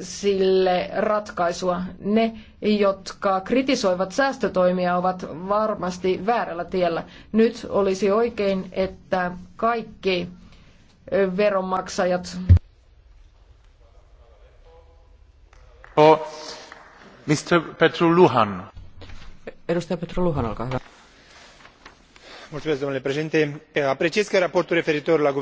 sille ratkaisua. Ne, jotka kritisoivat säästötoimia, ovat varmasti väärällä tiellä. Nyt olisi oikein, että kaikki veronmaksajat. Oh, Mr. Petru Luhan. Edustaja Petru Luhan, olkaa hyvä. Mulțumesc, domnule președinte. Apreciez că raportul referitor la guvern...